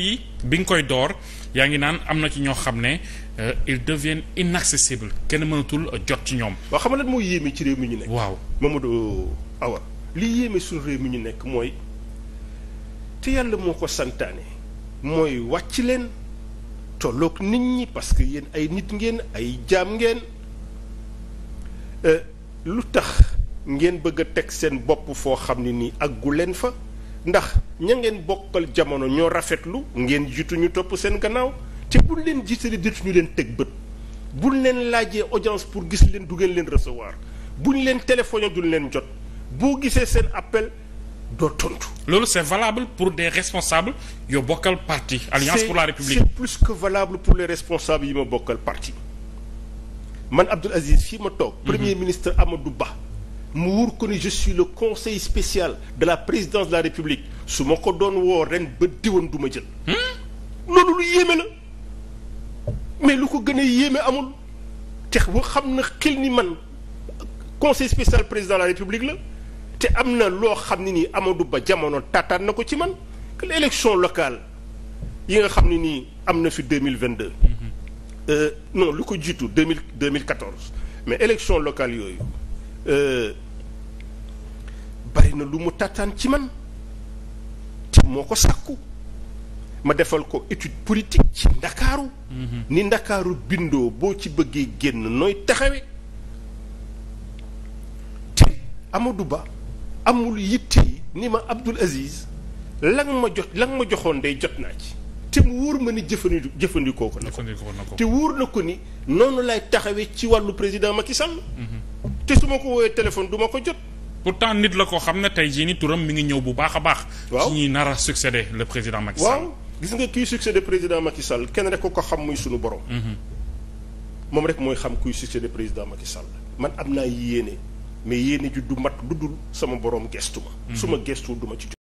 yi bi nga koy door yaa ngi naan am na ci ñoo xam ne euh, ils deviennent inaccessibles kenn mënatul jot ci ñoom. waaw xam nga lan moo yéeme ci réew mi ñu nekk. waaw Mamadou Awa. li yéeme suñu réew mi ñu nekk mooy te yàlla moo ko santaane mooy wàcc leen tolloog nit ñi parce que yéen ay nit ngeen ay jaam ngeen euh, lu tax ngeen bëgg a teg seen bopp foo xam ne nii aggu leen fa. ndax ña ngeen bokkal jamono ñoo rafetlu ngeen jiitu ñu topp seen gannaaw te buñ leen jiitalee dituñu leen teg bët buñ leen laajee audience pour gis leen du ngeen leen recevoir buñ leen téléphoné duñ leen jot boo gisee seen appel doo tontu. loolu c'est valable pour des responsables yoo bokkal parti. alliance pour la république c'est valable pour les responsables yi ma bokkal parti man Abdoul Aziz fii ma toog. Mm-hmm. premier ministre Amadou Ba. mu wur ko ni je le conseil spécial de la présidence de la république su ma ko doon woo ren bët diwoon du ma jël. Hmm? loolu lu yéeme la mais lu ko gën a yéeme amul te xam na xil ni man conseil spécial président de la république la te am na loo xam ne nii Amadou Ba jamono taataan na ko ci man que l' élection locale yi nga xam ne nii am na fi deux mille vingt deux mm-hmm. euh, non lu ko jiitu deux mille deux mille quatorze mais élection locale yooyu. Euh, bari na lu mu tàttaan ci man te moo ko sàkku ma defal ko étude politique ci ndakaaru mhm. ni ndakaaru bindoo boo ci bëggee génn nooy taxawe te Amadou Ba amul yitte yi ni ma Abdoul Aziz la nga ma jot la nga ma joxoon day jot naa ci te mu wóor ma ni jëfandi jëfandikoo ko na ko te wóor na ko ni noonu lay taxawe ci wàllu président Macky Sall mhm. te su ma ko woowee téléphone du ma ko jot pourtant nit la ko xam ne tey jii ni turam mi ngi ñëw bu baax a baax. waaw ci ñuy nar a succéder le président Macky Sall. waaw gis nga kuy succéder président Macky Sall kenn rek ko ko xam muy sunu borom. Mhm. moom rek mooy xam kuy succéder président Macky Sall man am naa yéene mais yéene ju du mat lu dul sama borom gestu ma. Mhm. su ma du ma ci